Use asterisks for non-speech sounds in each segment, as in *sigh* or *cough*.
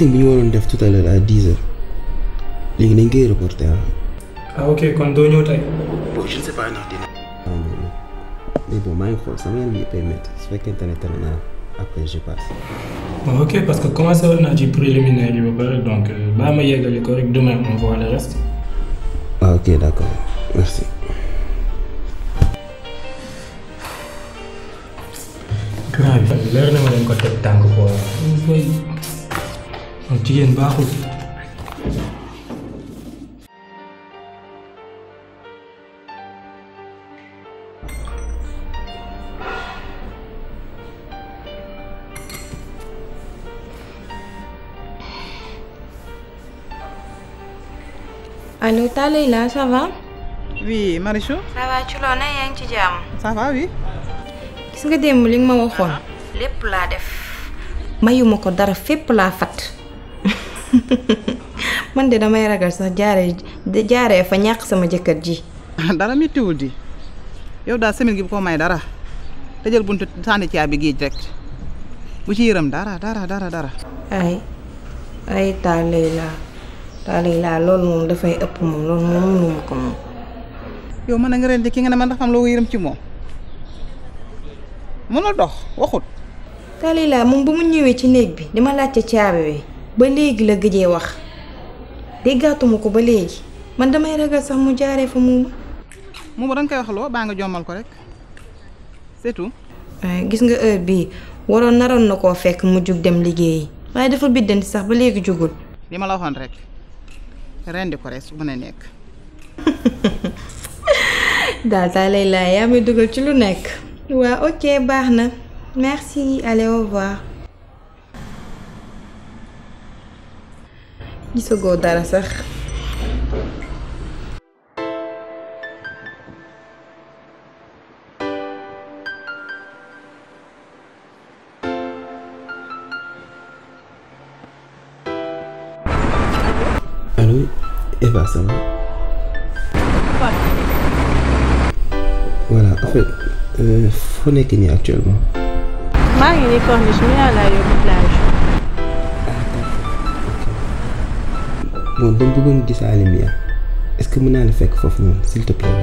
meeting bi ñu waroon def tout à l'heure à dix heures léegi nañ koy reporté ah. ok kon doo ñëw tey. bon je ne sais pas ndax dina. mais bon maa ngi xool sama yaram yi permettre su fekkente ne tane naa après je passe. bon ok parce que commencé woon naa ci préliminaire yi ba pare donc euh, baa ma yeggali ko rek demain on voit le reste. ah ok d'accord merci. grave leer na ma leen ko teg tànk quoi. وديا باخذ Allô, Talayla, ça va Oui, Marichou Ça va, tu l'en as, yang ci jam Ça va, oui Gis nga dem li ma waxon ah, lepp la def mayu mako dara fepp la fat *laughs* man de damay ragal sax jaaree jaaree fa ñàkk sama jëkkër ji. *laughs* dara méttiwul di yow daa semaine gi ko may dara te jël buntu sànni caabi géej rekk bu ci yërëm dara dara dara ay ay taaley laa taaley loolu moom dafay ëpp moom loolu moom mënuma ko moom. yow mën na nga ren ki nga ne man dafa am loo yërëm ci moom mënul dox waxut. taaley laa moom mu ñëwee ci néeg bi di dama laajte caabi bi. ba lagi la gëjé wax déggaatuma ko ba léegi man damay ragal sax mu jaaré fa muuma muuma danga koy lo ba nga jommal ko rek c'est tout gis nga heure bi waroon naron nako fekk mu jug dem liggéeyi waye dafa biddanti sax ba léegi jugul lima la waxon rek rendi ko res su mën a nekk lay ci lu nek wa ok baxna merci allez au revoir gisagoo dara sax allo Eva ça va voilà en fait euh, foo nekk nii actuellement M'a ngi nii corniche mi à la plage moom ba mu bëggoon gis Alioune est-ce que mën naa la fekk foofu moom s'il te plaît.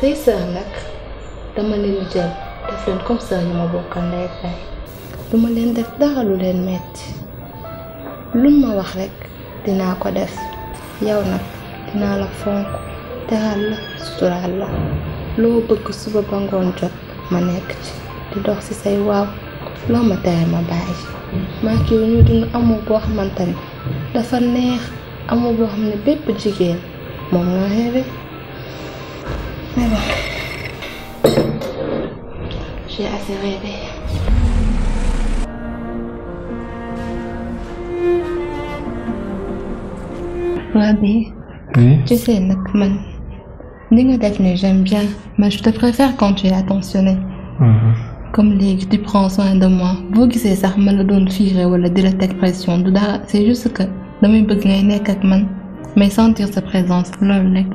say sœur nag dama leen jël def leen comme sœur yi ma bokkal ndey ak baay duma leen def dara lu leen metti luñ ma wax rekk dinaa ko def yow nag dinaa la fonk teral la suturaal la loo bëgg suba ba ngoon jot ma nekk ci di dox ci say waaw loo ma tere ma bàyyi maa ngi yow dund amul boo xamante dafa neex amul boo xam ne bépp jigéen moom nga xewe Mais bon. J'ai assez rêvé. Rabi. Oui. Tu sais, Nakman. J'aime bien, mais je te préfère quand tu es attentionné. Uh-huh. comme les, tu prends soin de moi Vous qui sax ça me donne fiire wala ou la délite pression c'est juste que damay bëgg ngay nekk ak man mais sentir sa présence loolu nekk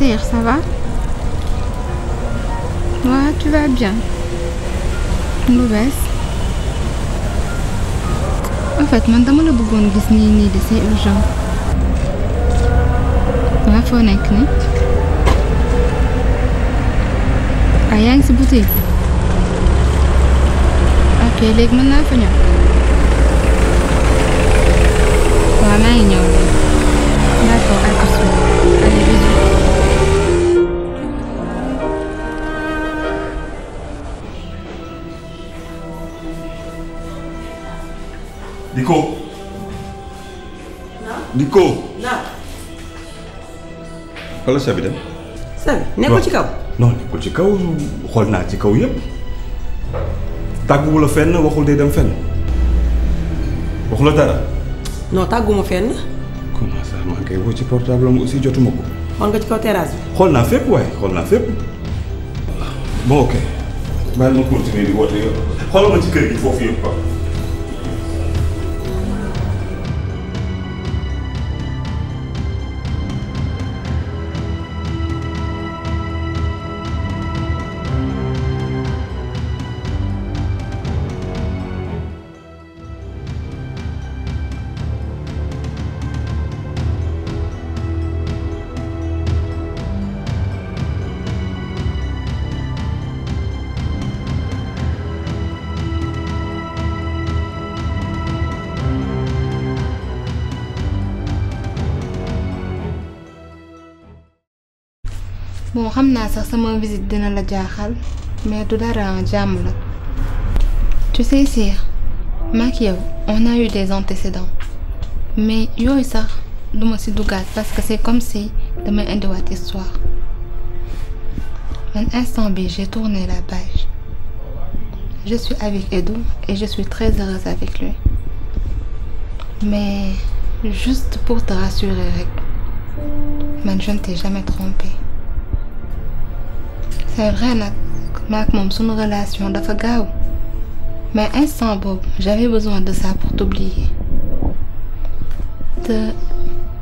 ça va Ouais, tu vas bien. Mauvaise. En fait, maintenant le bougon Disney de ce c'est urgent. Je vais ah ok les maintenant, Allez, bisous. Nico. naam Nico. naam. wala Sabi dem. nekkul ci kaw. non nekkul ci kaw xool naa ci kaw e? yépp tàgguwu la fenn waxul day dem fenn. waxu la dara. non tàgguma fenn. comment ça maa ngi woo e ci portable am aussi jotuma ko. xool nga ci kaw terrasse bi. xool naa fépp waaye xool naa fépp. bon ok. bàyyi ma continuer di woote yow. xoolal ma ci kër gi e foofu yëpp quoi. bon xam naa sax sama visite dina la jaaxal mais du dara jàmm la tu sais Sire maak on a eu des antécédents mais yooyu sax à ci duggaat parce que c'est comme si damay indiwaat histoire Un instant bi j'ai tourné la page je suis avec Edou.. et je suis très heureuse avec lui mais juste pour te rassurer rek je ne t'ai jamais trompée c'est vrai nag maak une sunu relation dafa gaaw mais instant Bob, j'avais besoin de ça pour t'oublier De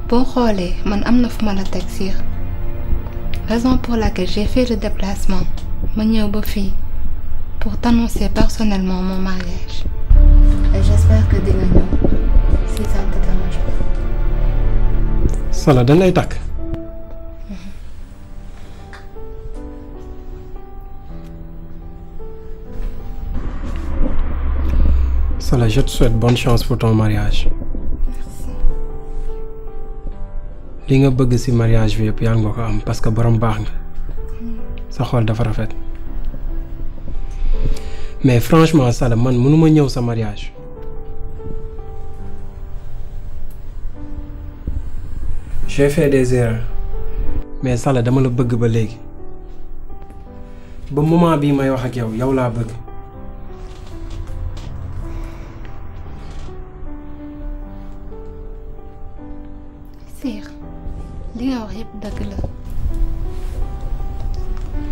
bon rôle, man suis na fu ma la teg raison pour laquelle j'ai fait le déplacement ma suis ba pour t'annoncer personnellement mon mariage. et j'espère que que ñëw si ça te dérange. Sala dañ lay takk. Bah, je te souhaite bonne chance pour ton mariage. li nga bëgg ci mariage bi yëpp yaa nga ko am parce que borom baax nga sa xol dafa rafet mais franchement Salla man mënuma ñëw sa mariage j'ai fait des erreurs mais Salla dama la bëgg ba léegi ba moment je may wax ak yow yow la bëgg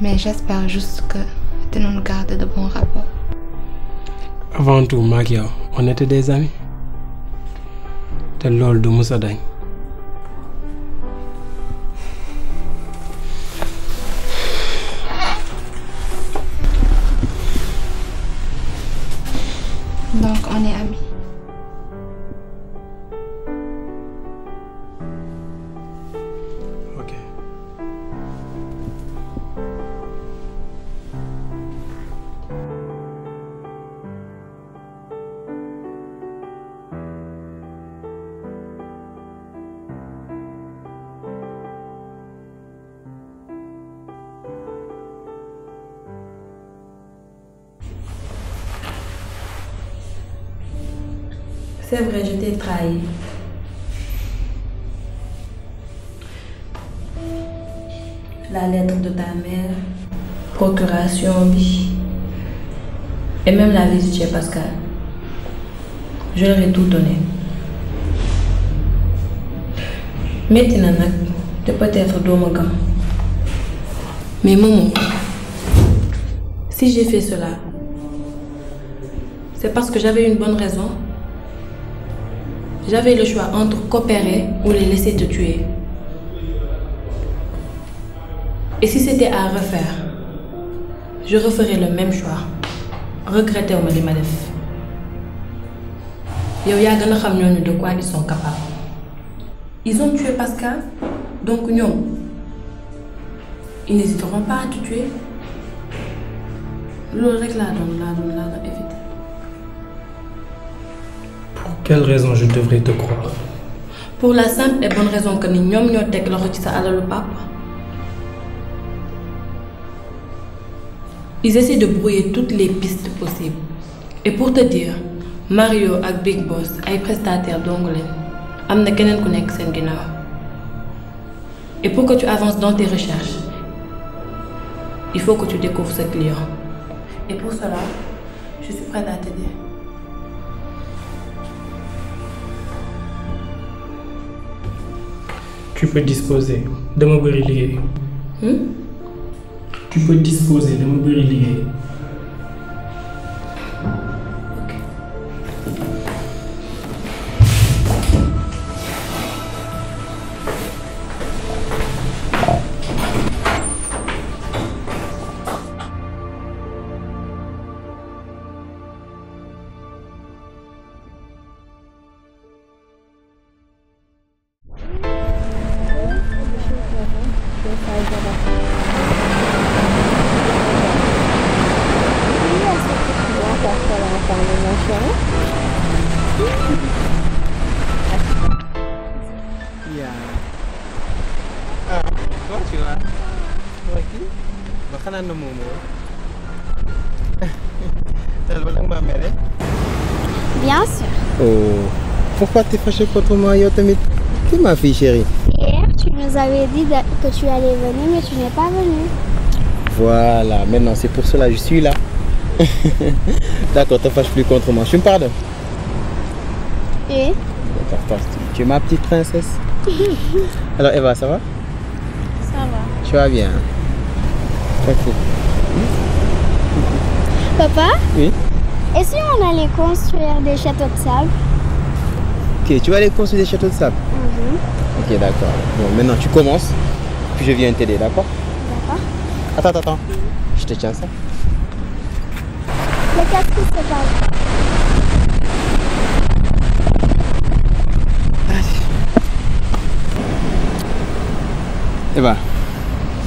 mais j'espère juste que tu nous gardes de bons rapports. avant tout Magia, on était des amis C'est l'ol de Moussa C'est vrai, je t'ai trahi. La lettre de ta mère, procuration, et même la visite chez Pascal. Je leur ai tout donné. Maintenant, tu peux être domagan. Mais maman, si j'ai fait cela, c'est parce que j'avais une bonne raison j'avais le choix entre coopérer ou les laisser te tuer. Et si c'était à refaire, je referais le même choix. Regretter au de ma de quoi ils sont capables. ils ont tué Pascal donc ils n'hésiteront pas à te tuer Nous quelle raison je devrais te croire Pour la simple et bonne raison que nous sommes tous les loxo papa. Ils essaient de brouiller toutes les pistes possibles. Et pour te dire, Mario et Big Boss sont prestataires d'ongles. Amna kenen ku nek nous Et pour que tu avances dans tes recherches, il faut que tu découvres ce client. Et pour cela, je suis prête à t'aider. tu peux disposer de mon Hmm? tu peux disposer de mon briller. *laughs* Hein? Bien sûr. Oh. Pourquoi t'es fâché contre moi, Tu es ma fille chérie. Hier, tu nous avais dit que tu allais venir, mais tu n'es pas venu Voilà, maintenant c'est pour cela que je suis là. *laughs* D'accord, te fâches plus contre moi. Je me pardonnes Tu es ma petite princesse. *laughs* Alors Eva, ça va Ça va. Tu vas bien Hmm? Papa Oui. Et si on allait construire des châteaux de sable Ok, tu vas aller construire des châteaux de sable mm-hmm. Ok, d'accord. Bon, maintenant tu commences, puis je viens t'aider, d'accord D'accord. Attends, attends, attends. Je te tiens ça. Mais quest ben,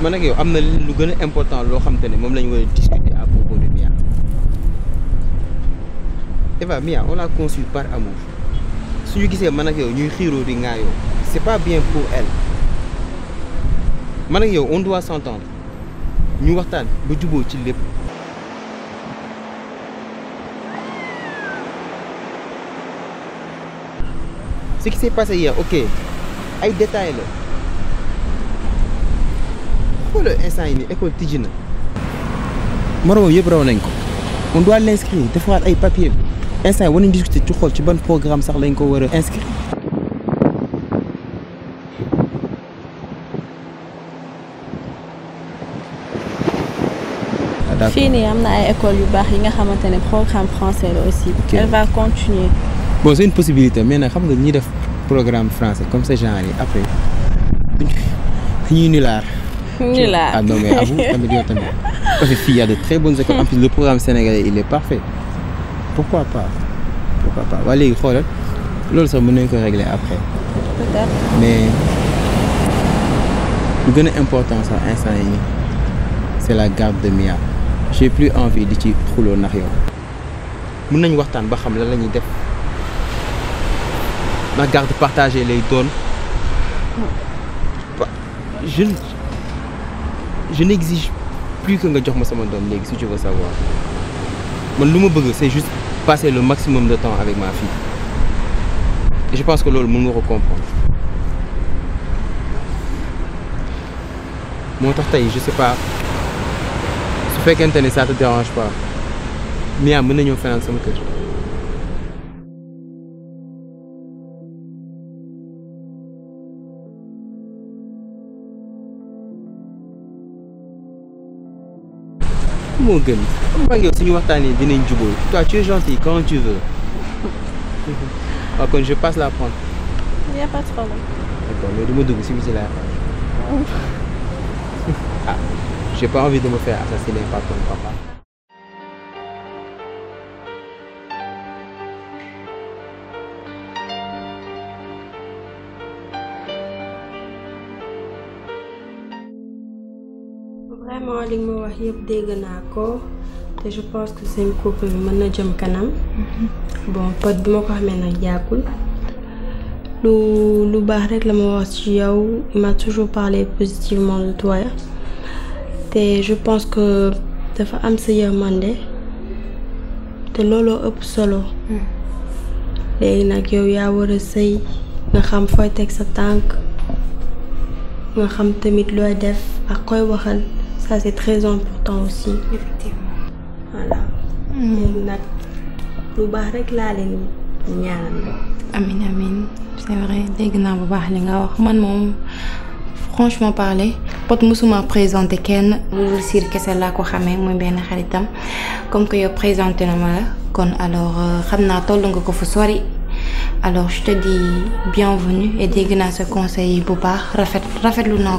man ak yow am na lu gën important loo xam te ne discuter à propos de Mia Eva Mia on l'a conçue par amour suñu gisee man ak yow ñuy xiiroo di ŋaayoo c'est pas bien pour elle man yow on doit s'entendre ñu waxtaan ba juboo ci lépp ce qui s'est passé hier ok ay détails le instant yi nii école tijji na. moroom raw nañ ko. on doit l'inscrire des fois ay papier instant on war discuter ci xool ci bon programme sax lañ ko war a inscrire. Ah, fii nii am na ay écoles yu baax yi nga programme français aussi. Okay. elle va continuer. bon c'est une possibilité mais na xam nga ñi def programme français comme ce genre yi après ñuy nulaar. Nul là. Ah non, mais à vous, *laughs* Parce que s'il y a de très bonnes écoles, en plus le programme sénégalais, il est parfait. Pourquoi pas Pourquoi pas Allez, il faut L'autre, ça ne que régler après. Peut-être. Mais le plus important, ça, c'est la garde de Mia. J'ai plus envie de dire trop en arrière. Nous avons parlé de ce que nous faire..? La garde partagée les donne. Mm. Je ne je n'exige plus que je jox ma sama si tu veux savoir mon que je veux c'est juste passer le maximum de temps avec ma fille et je pense que loolu monde nous comprendre moo sais je sais pas si ça ne ça te dérange pas mais mën na faire fanaan faire ensemble. moo gën xam nga yow suñu waxtaanee dinañ jubóo toi tu es gentil quand tu veux waaw ah, kon je passe la prendre. il n'y a pas de problème. d'accord mais du ma dugg si vous êtes là. j'ai pas envie de me faire assassiner par ton papa. vraiment li nga ma wax yëpp dégg naa ko te je pense que seen couple bi mën na jëm kanam bon pot bi ma ko xamee nag yàggul lu lu baax rek la ma wax ci yow il m'a toujours parlé positivement de toi te je pense que dafa am sa yërmande te looloo ëpp solo léegi nag yow yaa war a sëy nga xam fooy teg sa tànk nga xam tamit looy def ak koy waxal ça, c'est très important aussi. Effectivement. Voilà. Mm. lu c'est vrai bu baax man dit. franchement parler Pod présenté que ko bien xaritam comme que présenté alors euh, alors je te dis bienvenue et dégna ce conseil bu baax rafet luna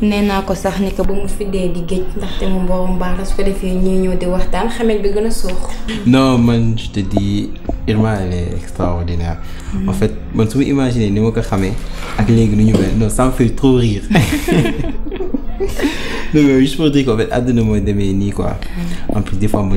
ko sax ni que mu di non man je te dis Irma est extraordinaire. en fait man tu imaginer ni mo ko xamé ak légui non ça me fait trop rire. *laughs* non mais juste pour dire qu'en fait quoi. en plus des fois mo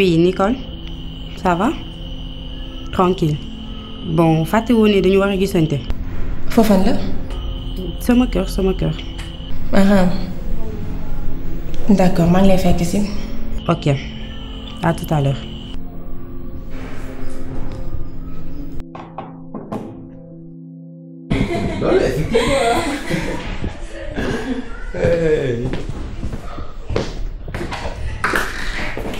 Oui, Nicole. Ça va? Tranquille. Bon, faites-vous une de ce que vous faire fait? C'est mon cœur, c'est mon cœur. Ah ah. D'accord, je vais faire ici. Ok. À tout à l'heure.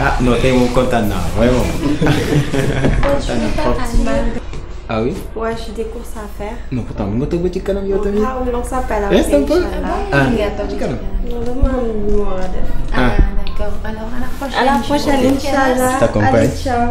ah non tey mon kontaan naa vraiment. kontaan naa trop ah oui. ouais j'ai des courses à faire. non pourtant mën nga tu ba ci kanam yow tamit. ah on s'appelle après inchallah ci kanam. non dama am Non, non, non. Ah. ah d'accord alors à la prochaine. à la prochaine inchallah. Je t'accompagne. allez ciao.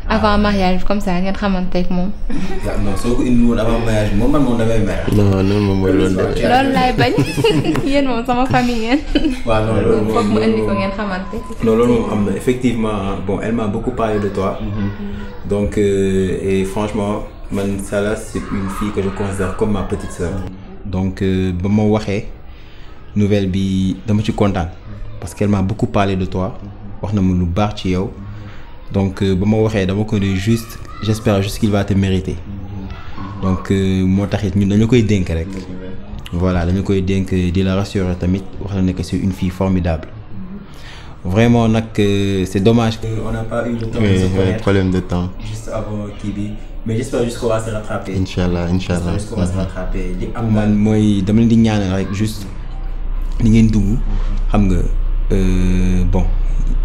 Ah. avant mariage comme ça rien xamante ak moom. Ah, non soo ko indi woon avant mariage moi man moom damay mer. non non moom mooy loolu demee. loolu laay bañ yéen moom sama famille ngeen. Hein. waaw non loolu moom foog mu ko ngeen xamante. non loolu moom effectivement bon elle m'a beaucoup parlé de toi. Mm-hmm. donc euh, et franchement man Salah c'est une fille que je considère comme ma petite sœur. donc euh, bon, mon waxee nouvelle bi dama ci content parce qu'elle m'a beaucoup parlé de toi wax na ma lu baax ci yow donc euh, ba ma waxee dama ko ne juste j'espère juste qu'il va te mériter donc euh, moo taxit ñun dañu koy dénk rek voilà dañu koy dénk euh, di la rassurer tamit wax la ne que c'est une fille formidable vraiment nag c'est dommage qu'on n'a pas eu le temps oui, de se connaître problème de temps juste avant kii mais j'espère juste qu'on va se rattraper inchallah inchallah juste qu'on va se uh-huh. rattraper li am man mooy dama leen di ñaanal rek juste li ngeen dugg xam nga bon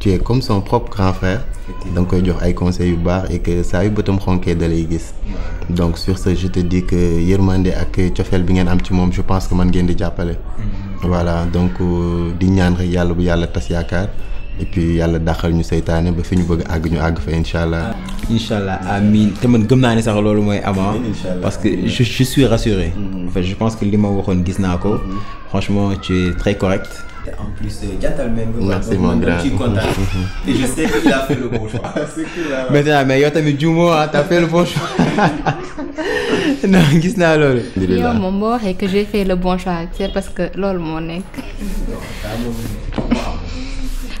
tu es comme son propre grand frère donc il euh, koy jox ay conseils yu baax et que saa yu bëtam de da lay gis donc sur ce je te dis que tu ak fait bi bien am ci moment, je pense que man ngeen di jàppale mm-hmm. voilà donc euh, di ñaan rek yàlla bu yàlla tas yaakaar et puis il y ñu le ba fi ñu bëgg àgg ñu àgg fa Inshallah. Ah, Inshallah, Amin. allah amiin te man gëm naa ne sax loolu avant parce que je, je suis rassuré mm-hmm. en fait je pense que li ma waxoon gis naa mm-hmm. franchement tu es très correct en plus, euh, Gatal même. Merci mon grand. Je suis content. Et je sais qu'il a fait le bon choix. Maintenant, *laughs* hein. mais t'as mis du mot, hein, t'as fait le bon choix. *laughs* non, qu'est-ce que naa loolu. yow mon mort, et que j'ai fait le bon choix c'est parce que l'ol mon nekk.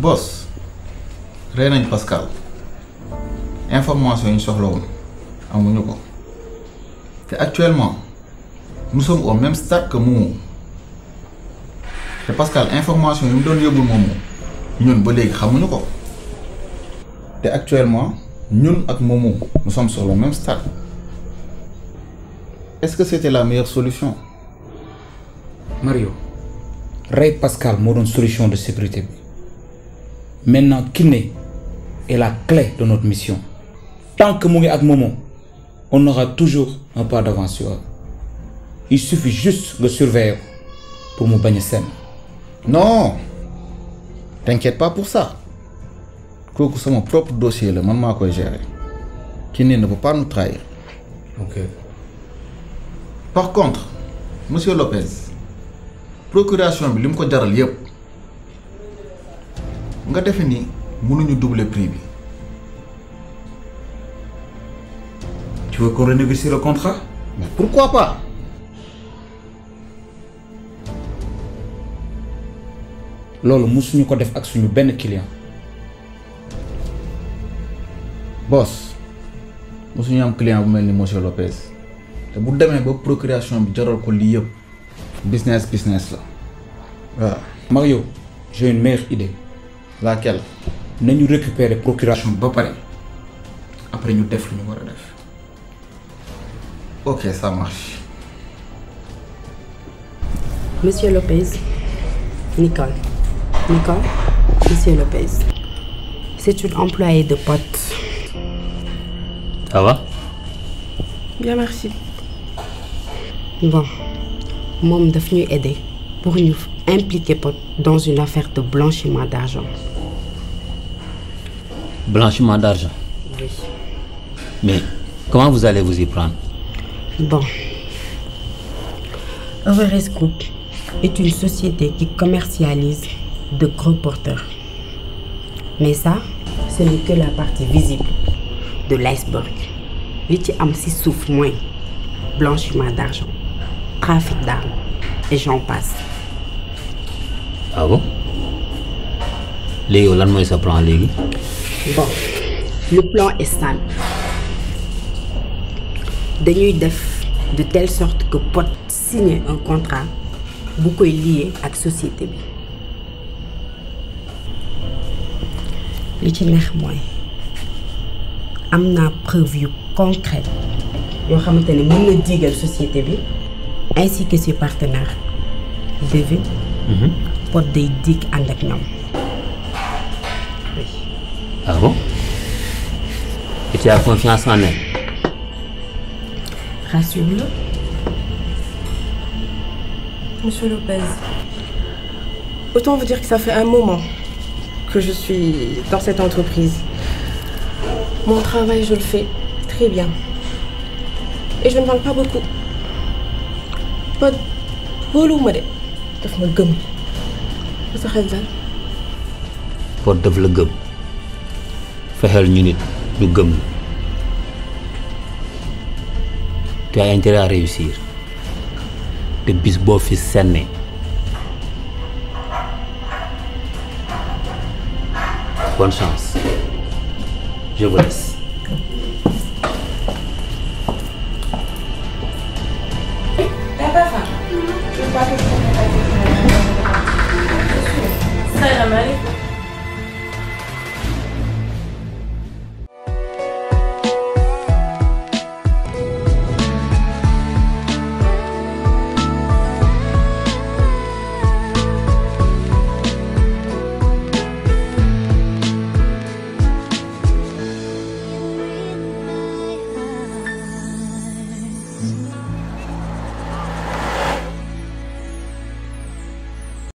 boss rey Pascal information sur actuellement nous sommes au même stade que Momo Pascal information yi mu doon Momo actuellement nous sommes sur le même stade est-ce que c'était la meilleure solution Mario rey Pascal moo solution de sécurité maintenant Kiné est la clé de notre mission tant que nous à ak on aura toujours un pas d'avance sur il suffit juste de surveiller pour mon bañ non t'inquiète pas pour ça C'est mon propre dossier le moment quoi je Kine ne peut pas nous trahir par contre monsieur Lopez procuration bi nga defe ni mënuñu doubler prix bi. tu veux qu'on renégocie le contrat. mais pourquoi pas. loolu musuñu ko def ak suñu benn client. boss musuñu am client bu mel ni monsieur Lopez. te bu demee ba procuration bi jaral ko lii yëpp. business business la. waaw. Ah. Mario j'ai une meilleure idée laquelle. Nous récupérer procuration ba pare après nous def lu ñu ok ça marche. Monsieur Lopez Nicole Nicole Monsieur Lopez c'est une employée de pote. ça va. bien merci. bon moom daf venu aider pour nous impliqué dans une affaire de blanchiment d'argent. Blanchiment d'argent Oui. Mais comment vous allez vous y prendre Bon. Everest Group est une société qui commercialise de gros porteurs. Mais ça, ce n'est que la partie visible de l'iceberg. li souffre am si blanchiment d'argent trafic d'armes et j'en passe ah bon léegi yow sa plan légui bon le plan est simple dañuy def de telle sorte que Pod signe un contrat bu koy lié ak société bi. li ci neex mooy am naa preuve yu concrète yoo xamante ne mën na diigal société bi ainsi que ses partenaires devine. Mhm pot day dick andak ah bon et tu as confiance en elle. rassure-le. Monsieur Lopez, autant vous dire que ça fait un moment que je suis dans cette entreprise. Mon travail, je le fais très bien. Et je ne parle pas beaucoup. Pas de pour le dal. Pod daf la gëm fexeel ñu nit tu as intérêt à réussir te bis boo de senne bonne chance je vous laisse. Cinnamon.